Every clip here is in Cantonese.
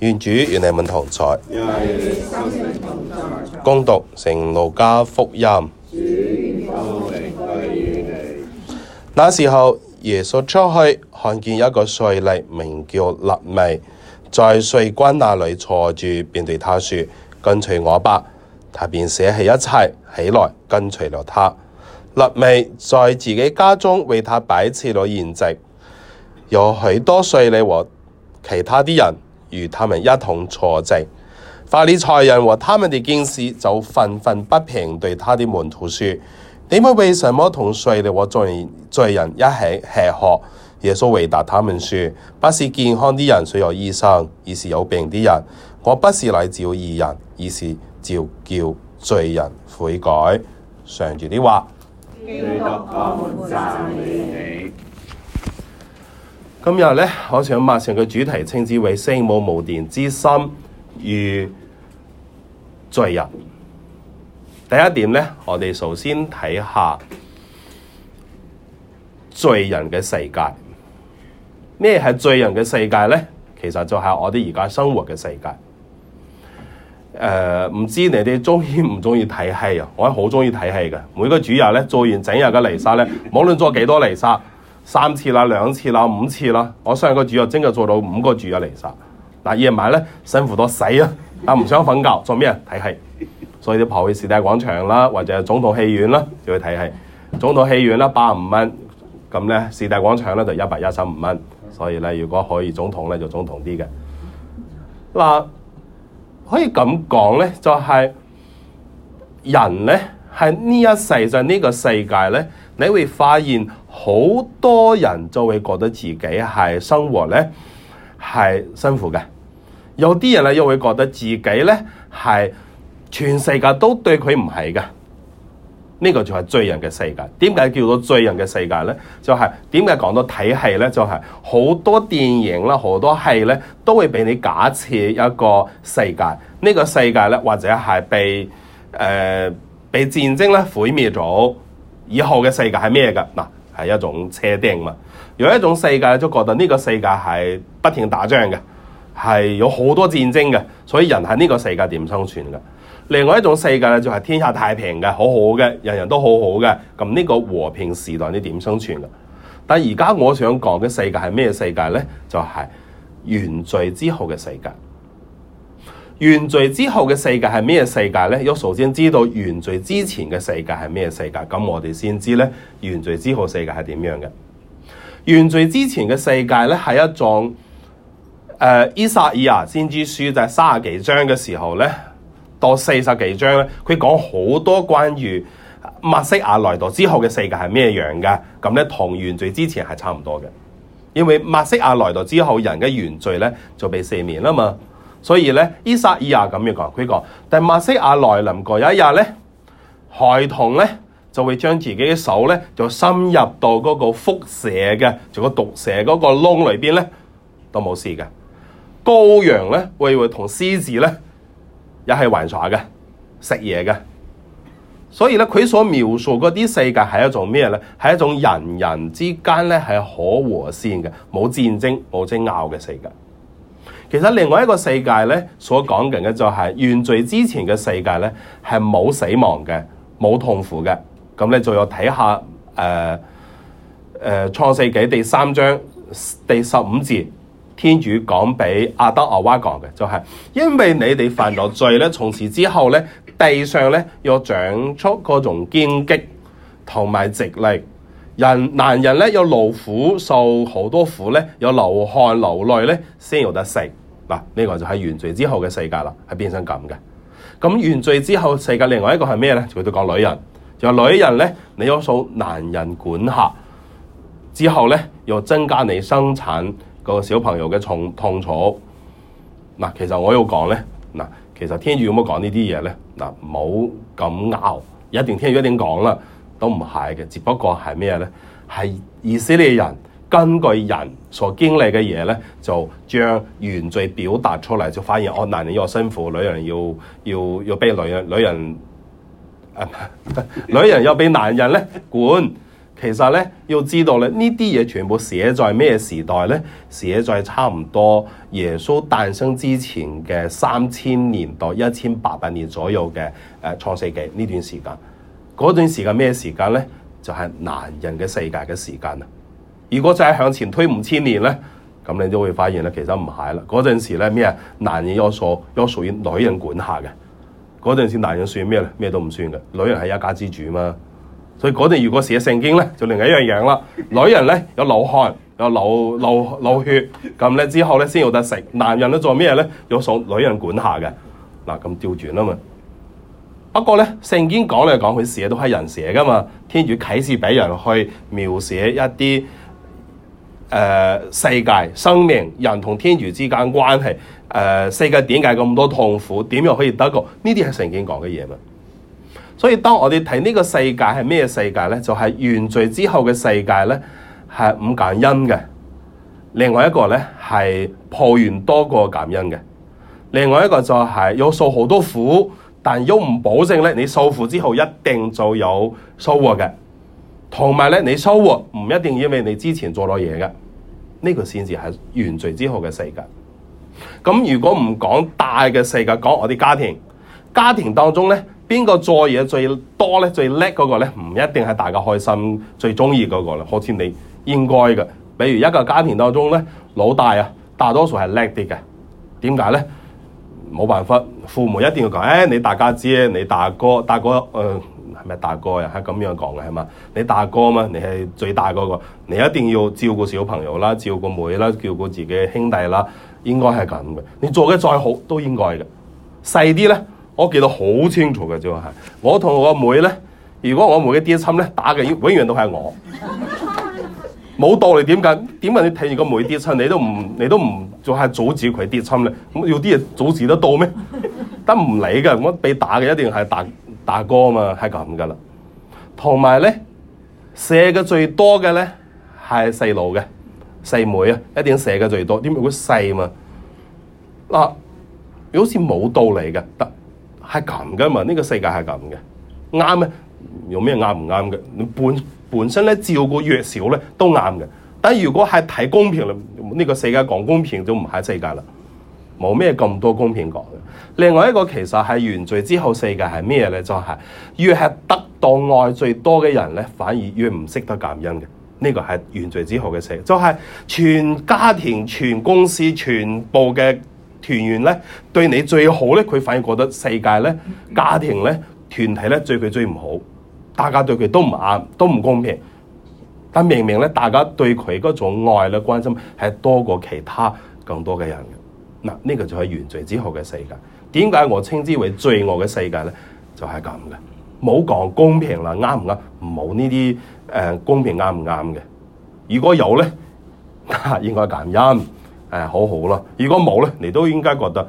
願主與你們同在。恭讀《聖路加福音》。那時候，耶穌出去，看見一個稅吏，名叫肋未，在稅關那裡坐住，便對他說：跟隨我吧。他便捨棄一切，起來跟隨了他。肋未在自己家中為他擺設了筵席，有許多稅吏和其他啲人。與他們一同坐席，法利賽人和他們的經師就忿忿不平，對他的門徒說：你們為什麼同稅吏和罪罪人一起吃喝？耶穌回答他們說：不是健康啲人需要醫生，而是有病啲人。我不是來召義人，而是召叫罪人悔改。上主的話。 今日咧，我想馬上嘅主題稱之為《聖母無玷之心與罪人》。第一點咧，我哋首先睇下罪人嘅世界。咩係罪人嘅世界咧？其實就係我哋而家生活嘅世界。誒、呃，唔知你哋鍾意唔鍾意睇戲啊？我係好鍾意睇戲嘅。每個主日咧，做完整日嘅彌撒咧，無論做幾多彌撒。三次啦，兩次啦，五次啦，我相信個主啊真係做到五個主啊嚟曬。嗱，夜晚咧辛苦到死啊，但唔想瞓覺做咩啊？睇戲，所以就跑去時代廣場啦，或者總統戲院啦，就去睇戲。總統戲院啦，八十五蚊，咁咧時代廣場咧就一百一十五蚊。所以咧，如果可以總統咧，就總統啲嘅。嗱，可以咁講咧，就係人咧喺呢一世就係呢個世界咧。你會發現好多人就會覺得自己係生活咧係辛苦嘅，有啲人咧又會覺得自己咧係全世界都對佢唔係嘅。呢、這個就係罪人嘅世界。點解叫做罪人嘅世界咧？就係點解講到睇戲，咧？就係、是、好多電影啦，好多戲咧都會俾你假設一個世界。呢、這個世界咧或者係被誒、呃、被戰爭咧毀滅咗。以後嘅世界係咩嘅？嗱，係一種設定嘛。有一種世界就覺得呢個世界係不停打仗嘅，係有好多戰爭嘅，所以人喺呢個世界點生存嘅？另外一種世界呢就係天下太平嘅，好好嘅，人人都好好嘅。咁呢個和平時代你點生存嘅？但而家我想講嘅世界係咩世界呢？就係原罪之後嘅世界。原罪之後嘅世界係咩世界咧？要首先知道原罪之前嘅世界係咩世界，咁我哋先知咧原罪之後世界係點樣嘅？原罪之前嘅世界咧係一種誒、呃，依撒意亞先知書就係、是、三十幾章嘅時候咧到四十幾章咧，佢講好多關於默西亞來到之後嘅世界係咩樣嘅，咁咧同原罪之前係差唔多嘅，因為默西亞來到之後人嘅原罪咧就被赦免啦嘛。所以咧，依撒意亞咁樣講，佢講，但默西亞來臨過有一日咧，孩童咧就會將自己嘅手咧就深入到嗰個蝮蛇嘅，做個毒蛇嗰個窿裏邊咧都冇事嘅。羔羊咧會會同獅子咧一齊玩耍嘅，食嘢嘅。所以咧，佢所描述嗰啲世界係一種咩咧？係一種人人之間咧係可和善嘅，冇戰爭、冇爭拗嘅世界。其實另外一個世界咧，所講緊嘅就係、是、原罪之前嘅世界咧，係冇死亡嘅，冇痛苦嘅。咁咧，就要睇下誒誒、呃呃、創世紀第三章第十五節，天主講俾阿德亞娃講嘅，就係、是、因為你哋犯咗罪咧，從此之後咧，地上咧又長出嗰種荊棘同埋蒺藜。人男人咧有勞苦受好多苦咧，有流汗流淚咧先有得食。嗱，呢、這個就係原罪之後嘅世界啦，係變成咁嘅。咁原罪之後世界另外一個係咩咧？佢都講女人，就話女人咧，你有受男人管轄之後咧，又增加你生產個小朋友嘅痛痛楚。嗱，其實我要講咧，嗱，其實天主有冇講呢啲嘢咧？嗱，唔好咁拗，一定天主一定講啦。都唔係嘅，只不過係咩呢？係以色列人根據人所經歷嘅嘢呢，就將原罪表達出嚟，就發現哦，男人要辛苦，女人要要要俾女人女人，女人又俾男人呢管。其實呢，要知道咧，呢啲嘢全部寫在咩時代呢？寫在差唔多耶穌誕生之前嘅三千年代一千八百年左右嘅，誒創世紀呢段時間。嗰段時間咩時間咧？就係男人嘅世界嘅時間啦。如果再向前推五千年咧，咁你都會發現咧，其實唔係啦。嗰陣時咧咩啊？男人有所有屬於女人管下嘅。嗰陣時男人算咩咧？咩都唔算嘅。女人係一家之主嘛。所以嗰陣如果寫聖經咧，就另一樣樣啦。女人咧有流汗，有流流流血，咁咧之後咧先有得食。男人咧做咩咧？有屬女人管下嘅。嗱，咁調轉啊嘛。不過咧，聖經講嚟講去寫都係人寫嚟噶嘛。天主啟示俾人去描寫一啲誒、呃、世界、生命、人同天主之間關係。誒、呃，世界點解咁多痛苦？點樣可以得救？呢啲係聖經講嘅嘢嘛。所以當我哋睇呢個世界係咩世界咧？就係、是、原罪之後嘅世界咧，係唔感恩嘅。另外一個咧係抱怨多過感恩嘅。另外一個就係有受好多苦。但要唔保證咧，你受苦之後一定就有收穫嘅，同埋咧，你收穫唔一定因為你之前做咗嘢嘅。呢個先至係原罪之後嘅世界。咁如果唔講大嘅世界，講我哋家庭，家庭當中咧，邊個做嘢最多咧，最叻嗰個咧，唔一定係大家開心最中意嗰個啦。好似你應該嘅，比如一個家庭當中咧，老大啊，大多數係叻啲嘅。點解咧？冇辦法，父母一定要講，誒、哎、你大家姐，你大哥，大哥，誒係咪大哥呀？係咁樣講嘅係嘛，你大哥嘛，你係最大嗰個，你一定要照顧小朋友啦，照顧妹啦，照顧自己兄弟啦，應該係咁嘅。你做嘅再好，都應該嘅。細啲咧，我記得好清楚嘅，就係、是、我同我妹咧，如果我妹一啲親咧打嘅，永遠都係我。 冇道理點解？點解你睇住個妹跌親，你都唔你都唔仲係阻止佢跌親咧？有啲嘢阻止得到咩？得 唔理噶，我被打嘅一定係大大哥嘛，係咁噶啦。同埋咧，射嘅最多嘅咧係細路嘅，細妹啊，一定射嘅最多，因為佢細嘛。嗱、啊，好似冇道理嘅，得係咁噶嘛？呢、呢個世界係咁嘅，啱咩？有咩啱唔啱嘅？你搬？本身咧照顧越少咧都啱嘅，但如果係睇公平咧，呢個世界講公平就唔係世界啦，冇咩咁多公平講嘅。另外一個其實係原罪之後世界係咩咧？就係越係得到愛最多嘅人咧，反而越唔識得感恩嘅。呢個係原罪之後嘅世界，就係全家庭、全公司、全部嘅團員咧，對你最好咧，佢反而覺得世界咧、家庭咧、團體咧最佢最唔好。大家對佢都唔啱，都唔公平。但明明咧，大家對佢嗰種愛咧、關心係多過其他更多嘅人嘅。嗱，呢個就係原罪之後嘅世界。點解我稱之為罪惡嘅世界咧？就係咁嘅，冇講公平啦，啱唔啱？冇呢啲誒公平啱唔啱嘅。如果有咧， 應該感恩誒，好好咯。如果冇咧，你都應該覺得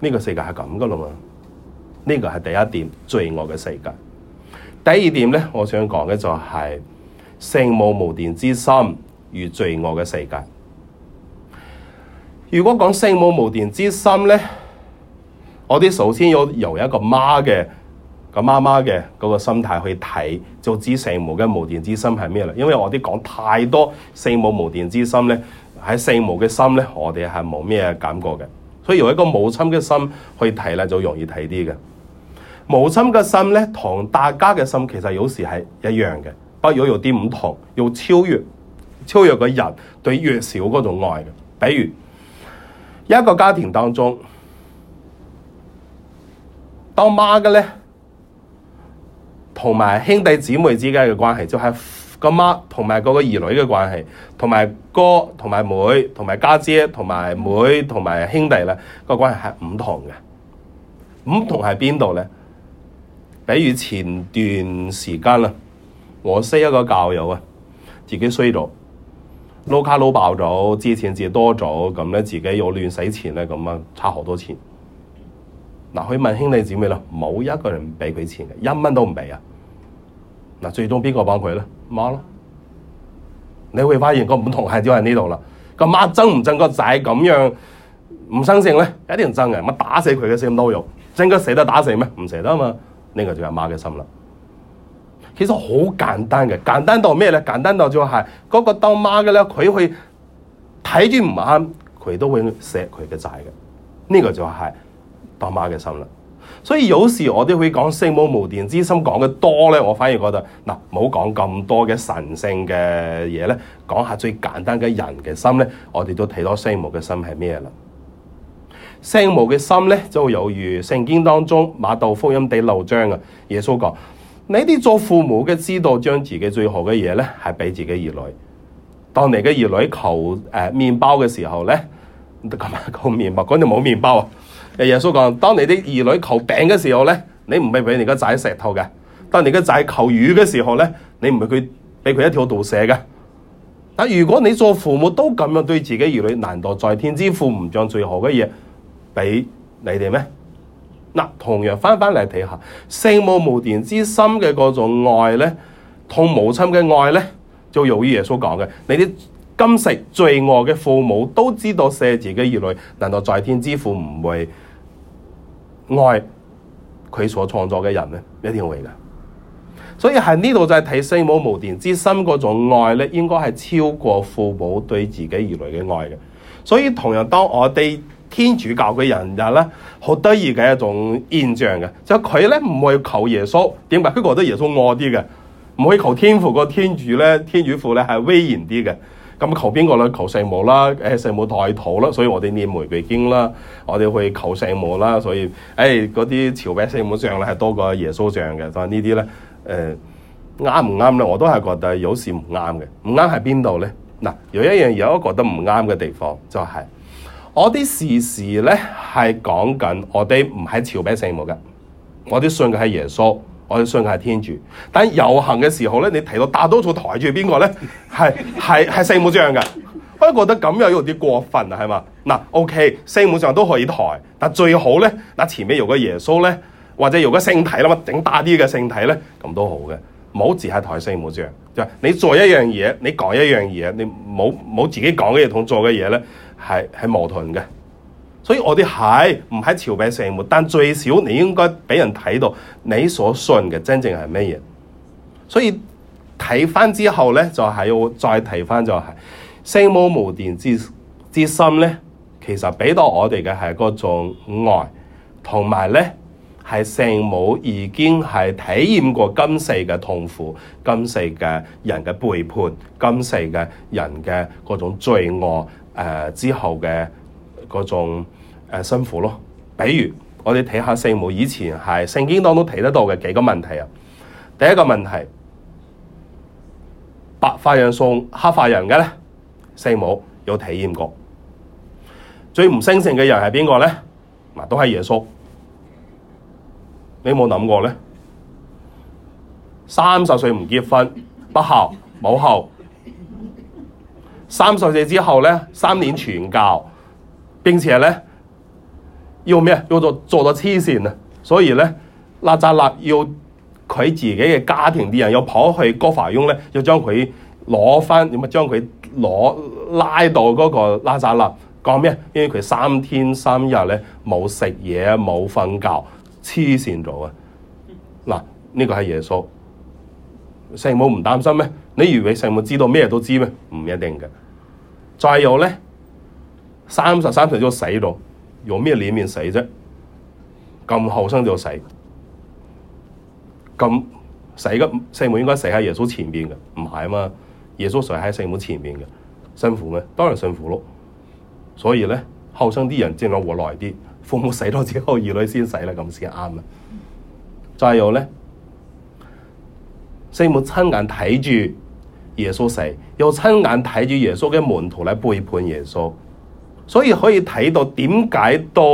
呢個世界係咁噶啦嘛。呢個係第一點，罪惡嘅世界。第二點呢，我想講嘅就係聖母無玷之心與罪惡嘅世界。如果講聖母無玷之心呢，我哋首先要由一個媽嘅個媽媽嘅嗰個心態去睇，就知聖母嘅無玷之心係咩啦。因為我哋講太多聖母無玷之心呢，喺聖母嘅心呢，我哋係冇咩感覺嘅。所以由一個母親嘅心去睇呢，就容易睇啲嘅。母親嘅心咧，同大家嘅心其實有時係一樣嘅，不過有啲唔同，要超越超越個人對弱小嗰種愛嘅。比如一個家庭當中，當媽嘅咧，同埋兄弟姊妹之間嘅關係，就係個媽同埋嗰個兒女嘅關係，同埋哥同埋妹，同埋家姐同埋妹同埋兄弟啦，個關係係唔同嘅，唔同喺邊度咧？比如前段時間啦，我識一個教友啊，自己衰咗，撈卡撈爆咗，借錢借多咗，咁咧自己又亂使錢咧，咁啊差好多錢。嗱、啊，去問兄弟姐妹啦，冇一個人畀佢錢嘅，一蚊都唔畀啊。嗱、啊，最終邊個幫佢咧？媽咯，你會發現個唔同係就喺呢度啦。個媽憎唔憎個仔咁樣唔生性咧，一定憎嘅。乜打死佢嘅死老友，憎佢捨得打死咩？唔捨得啊嘛。呢個就係媽嘅心啦，其實好簡單嘅，簡單到咩咧？簡單到就係、是、嗰、那個當媽嘅咧，佢去睇住唔啱，佢都會錫佢嘅仔嘅。呢、這個就係、是、當媽嘅心啦。所以有時我哋會講聖母無玷之心講得多咧，我反而覺得嗱，唔好講咁多嘅神聖嘅嘢咧，講下最簡單嘅人嘅心咧，我哋都睇到聖母嘅心係咩啦。聖母嘅心咧就有如聖經當中瑪竇福音第六章啊。耶穌講：你啲做父母嘅知道將自己最好嘅嘢咧，係俾自己兒女。當你嘅兒女求誒麵、呃、包嘅時候咧，咁啊求麵包，嗰度冇麵包啊。耶穌講：當你啲兒女求餅嘅時候咧，你唔係俾你個仔石頭嘅；當你個仔求魚嘅時候咧，你唔係佢俾佢一條毒蛇嘅。但如果你做父母都咁樣對自己兒女，難道在天之父唔將最好嘅嘢？俾你哋咩？嗱，同樣翻翻嚟睇下，聖母無玷之心嘅嗰種愛咧，同母親嘅愛咧，就由於耶穌講嘅，你啲今世罪惡嘅父母都知道錫自己兒女，難道在天之父唔會愛佢所創造嘅人咧？一定會㗎。所以喺呢度就係睇聖母無玷之心嗰種愛咧，應該係超過父母對自己兒女嘅愛嘅。所以同樣當我哋天主教嘅人就咧，好得意嘅一種現象嘅，就佢咧唔會求耶穌，點解？佢覺得耶穌惡啲嘅，唔會求天父，個天主咧，天主父咧係威嚴啲嘅，咁求邊個啦？求聖母啦，誒、哎、聖母代禱啦，所以我哋念玫瑰經啦，我哋去求聖母啦，所以誒嗰啲朝拜聖母像咧係多過耶穌像嘅，所以呢啲咧誒啱唔啱咧？我都係覺得有時唔啱嘅，唔啱喺邊度咧？嗱，有一樣有一都覺得唔啱嘅地方就係、是。我哋時時咧係講緊，我哋唔係朝拜聖母嘅，我哋信嘅係耶穌，我哋信嘅係天主。但遊行嘅時候咧，你睇到大多數抬住邊個咧，係係係聖母像嘅，我覺得咁樣有啲過分啊，係嘛？嗱，OK，聖母像都可以抬，但最好咧，嗱，前面有個耶穌咧，或者有個聖體啦嘛，整大啲嘅聖體咧，咁都好嘅，唔好只係抬聖母像，就係你做一樣嘢，你講一樣嘢，你冇冇自己講嘅嘢同做嘅嘢咧？係係矛盾嘅，所以我啲係唔係朝拜聖母，但最少你應該俾人睇到你所信嘅真正係乜嘢。所以睇翻之後咧，就係、是、要再睇翻就係、是、聖母無玷之之心咧，其實俾到我哋嘅係嗰種愛，同埋咧係聖母已經係體驗過今世嘅痛苦，今世嘅人嘅背叛，今世嘅人嘅嗰種罪惡。誒、呃，之後嘅嗰種誒、呃、辛苦咯，比如我哋睇下聖母以前係聖經當中睇得到嘅幾個問題啊。第一個問題，白髮人送黑髮人嘅咧，聖母有體驗過。最唔生性嘅人係邊個咧？嗱，都係耶穌。你冇諗過咧？三十歲唔結婚，不孝，冇後。三十歲之後咧，三年全教，並且咧要咩？要做做到痴線啊！所以咧，拉扎勒要佢自己嘅家庭啲人，要跑去哥法雍咧，要將佢攞翻，咁啊將佢攞拉到嗰個拉扎勒講咩？因為佢三天三日咧冇食嘢，冇瞓覺，痴線咗啊！嗱，呢、這個係耶穌。聖母唔擔心咩？你以為聖母知道咩都知咩？唔一定嘅。再有呢，三十三歲就死咯，用咩臉面死啫？咁後生就死，咁死嘅聖母應該死喺耶穌前面嘅，唔係啊嘛？耶穌死喺聖母前面嘅，辛苦咩？當然辛苦咯。所以呢，後生啲人盡量活耐啲，父母死咗之後，兒女先死啦，咁先啱啊。再有呢，聖母親眼睇住。耶穌死，又親眼睇住耶穌嘅門徒嚟背叛耶穌，所以可以睇到點解到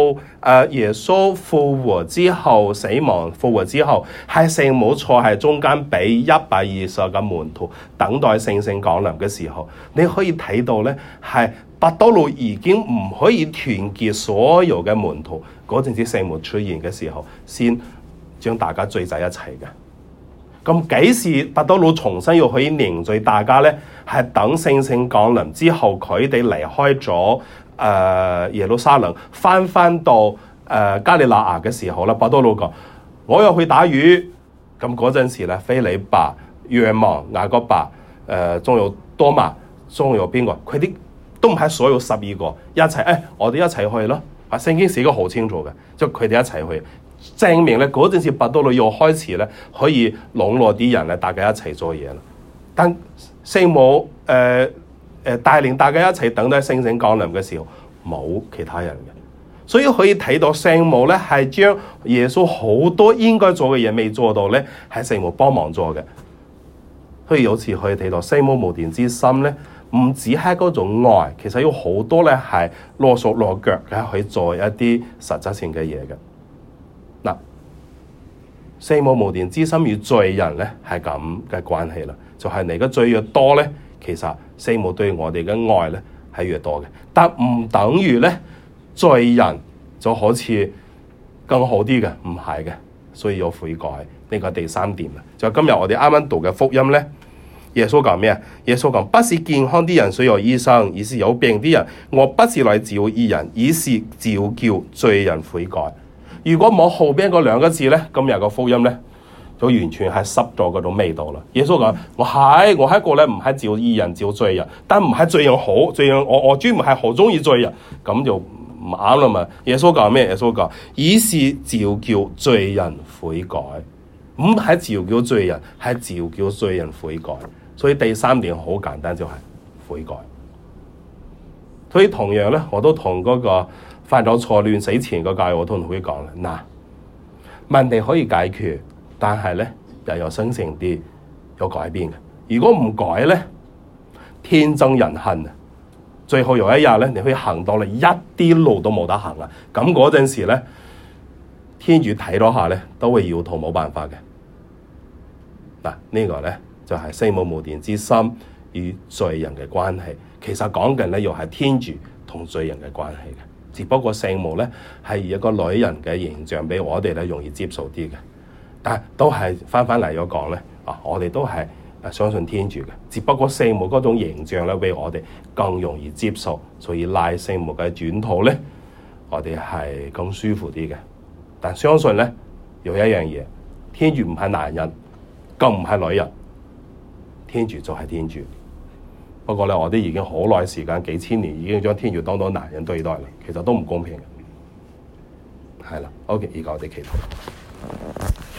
耶穌復活之後死亡，復活之後係聖母坐喺中間畀一百二十個門徒等待聖聖降臨嘅時候，你可以睇到咧係伯多禄已經唔可以團結所有嘅門徒，嗰陣時聖母出現嘅時候，先將大家聚在一齊嘅。咁幾時伯多祿重新又可以凝聚大家咧？係等聖聖降臨之後，佢哋離開咗誒、呃、耶路撒冷，返返到誒、呃、加利納亞嘅時候啦。伯多祿講：我又去打魚。咁嗰陣時咧，斐理伯、若望、雅各伯、誒、呃、仲有多馬，仲有邊個？佢哋都唔係所有十二個，一齊誒、哎，我哋一齊去咯。啊，聖經寫得好清楚嘅，即係佢哋一齊去。證明咧嗰陣時，伯多祿又開始咧可以攏絡啲人咧，大家一齊做嘢啦。但聖母誒誒帶領大家一齊等待聖神降臨嘅時候，冇其他人嘅，所以可以睇到聖母咧係將耶穌好多應該做嘅嘢未做到咧，喺聖母幫忙做嘅。所以有時可以睇到聖母無玷之心咧，唔止係嗰種愛，其實有好多咧係落手落腳嘅去做一啲實質性嘅嘢嘅。聖母無玷之心與罪人咧係咁嘅關係啦，就係、是、你嘅罪越多咧，其實聖母對我哋嘅愛咧係越多嘅，但唔等於咧罪人就好似更好啲嘅，唔係嘅，所以要悔改呢個第三點啦。就是、今日我哋啱啱讀嘅福音咧，耶穌講咩啊？耶穌講：不是健康啲人需要醫生，而是有病啲人。我不是來召義人，而是召叫罪人悔改。如果冇後邊嗰兩個字咧，今日個福音咧就完全係濕咗嗰種味道啦。耶穌講：我係我喺一個咧唔係召義人召罪人，但唔係罪人好罪人,人罪人，我我專門係好中意罪人，咁就唔啱啦嘛。耶穌講咩？耶穌講：以是召叫罪人悔改，唔係召叫罪人，係召叫罪人悔改。所以第三點好簡單就係悔改。所以同樣咧，我都同嗰、那個。犯咗錯亂死前個教我都同佢講啦。嗱，問題可以解決，但係咧又有生性啲有改變嘅。如果唔改咧，天憎人恨啊！最後有一日咧，你可以行到你一啲路都冇得行啊。咁嗰陣時咧，天主睇到下咧，都會搖頭冇辦法嘅嗱。這個、呢個咧就係聖母無玷之心與罪人嘅關係。其實講緊咧，又係天主同罪人嘅關係嘅。只不過聖母咧係一個女人嘅形象俾我哋咧容易接受啲嘅，但係都係翻返嚟咗講咧，啊我哋都係啊相信天主嘅。只不過聖母嗰種形象咧，俾我哋更容易接受，所以賴聖母嘅轉禱咧，我哋係咁舒服啲嘅。但相信咧有一樣嘢，天主唔係男人，更唔係女人，天主就係天主。不過呢，我哋已經好耐時間，幾千年已經將天主當當男人對待啦，其實都唔公平嘅，係啦。OK，而家我哋祈禱。